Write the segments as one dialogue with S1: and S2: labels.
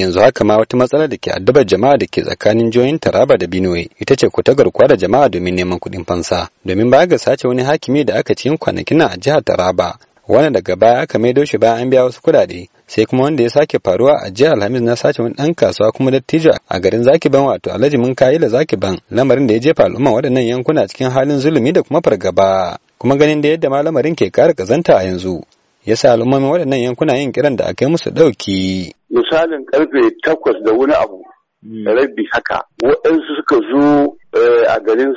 S1: yanzu haka ma wata matsalar da ke addabar jama'a da ke tsakanin jihohin Taraba da Benue ita ce ku ta garkuwa da jama'a domin neman kuɗin fansa domin baya ga sace wani hakimi da aka cikin kwanakin a jihar Taraba wanda daga baya aka maido shi bayan an biya wasu kuɗaɗe sai kuma wanda ya sake faruwa a jihar Alhamis na sace wani ɗan kasuwa kuma dattijo a garin zaki ban wato Alhaji mun kayi da ban lamarin da ya jefa al'umma waɗannan yankuna cikin halin zulumi da kuma fargaba kuma ganin da yadda ma lamarin ke ƙara ƙazanta a yanzu ya sa al'ummomin waɗannan yankuna yin kiran da aka yi musu ɗauki.
S2: Misalin karfe takwas da wani abu hmm. rabi haka waɗansu suka zo eh, a garin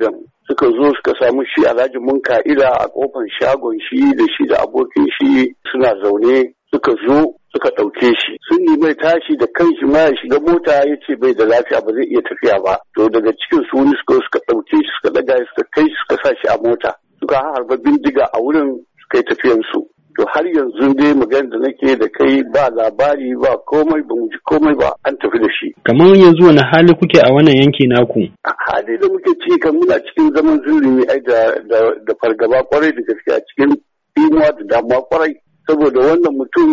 S2: dan, suka zo suka samu shi a Alhaji ka'ida a kofan shagon shi da shi da abokin shi suna zaune suka zo suka ɗauke shi sun yi mai tashi da kan shi ya shiga mota ya ce bai da lafiya ba zai iya tafiya ba to daga cikin su wani suka suka ɗauke shi suka ɗaga shi suka kai shi suka sa shi a mota suka harba bindiga a wurin suka yi tafiyansu to har yanzu dai magana da nake da kai ba labari ba komai ba mu ji komai ba an tafi da shi
S1: kamar yanzu wani hali kuke a wannan yanki naku
S2: hali da muke ciki kan muna cikin zaman zulumi ai da da fargaba kwarai da gaske a cikin imuwa da damuwa kwarai saboda wannan mutum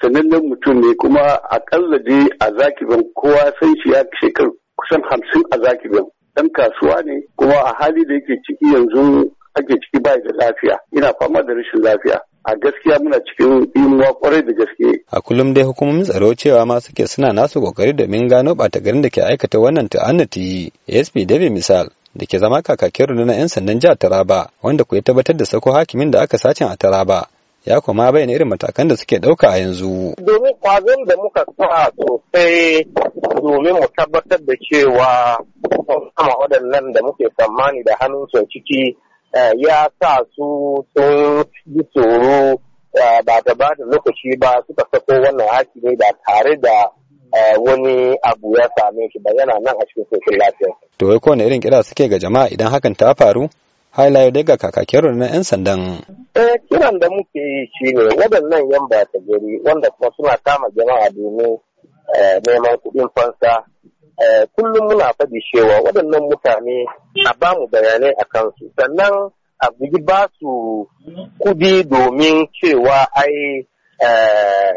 S2: sanannen mutum ne kuma akalla dai a ban kowa san shi ya shekaru kusan hamsin a zaki ban. dan kasuwa ne kuma a hali da yake ciki yanzu ake ciki bai da lafiya ina fama da rashin lafiya a gaskiya muna cikin imuwa kwarai da gaske.
S1: A kullum dai hukumomin tsaro cewa ma suke suna nasu kokari domin gano ɓata garin da ke aikata wannan ta'annati. ASP David misal da ke zama kakakin rundunar 'yan sandan jihar Taraba wanda ku ya tabbatar da sako hakimin da aka sacin a Taraba. ya kuma bayyana irin matakan da suke ɗauka a yanzu.
S2: Domin kwazon da muka sa
S3: sosai domin mu tabbatar da cewa kama waɗannan da muke tsammani da hannun ciki Eh, ya sa su sun yi tsoro eh, ba da ba da lokaci ba suka sako wannan haki ne ba tare da eh, wani abu ya same shi ba yana nan a cikin koshin lafiya.
S1: To wai kowane irin kira suke ga jama'a idan hakan ta faru? Hailayo dai ga kakakin na 'yan sandan.
S3: Eh kiran da muke yi shine waɗannan yan ba ta gari wanda kuma suna kama jama'a domin neman kuɗin fansa Eh, kullum muna faɗi cewa waɗannan mutane a ba mu bayanai a kansu sannan a bugi ba su
S2: kudi domin
S3: cewa ai eh,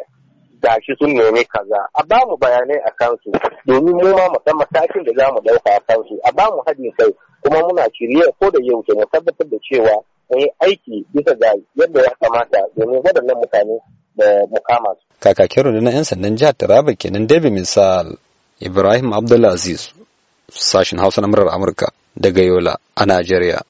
S3: gashi sun nemi kaza a ba mu bayanai a kansu domin mu ma mu san matakin da za mu ɗauka a kansu a ba mu haɗin kai kuma muna shirye ko da yaushe mu tabbatar da cewa mu yi aiki bisa ga yadda ya kamata domin waɗannan mutane da mukama su.
S1: Kakakin rundunar 'yan sandan jihar Taraba kenan David Misal. Ibrahim Aziz, sashin Hausa na murar Amurka daga Yola a Najeriya.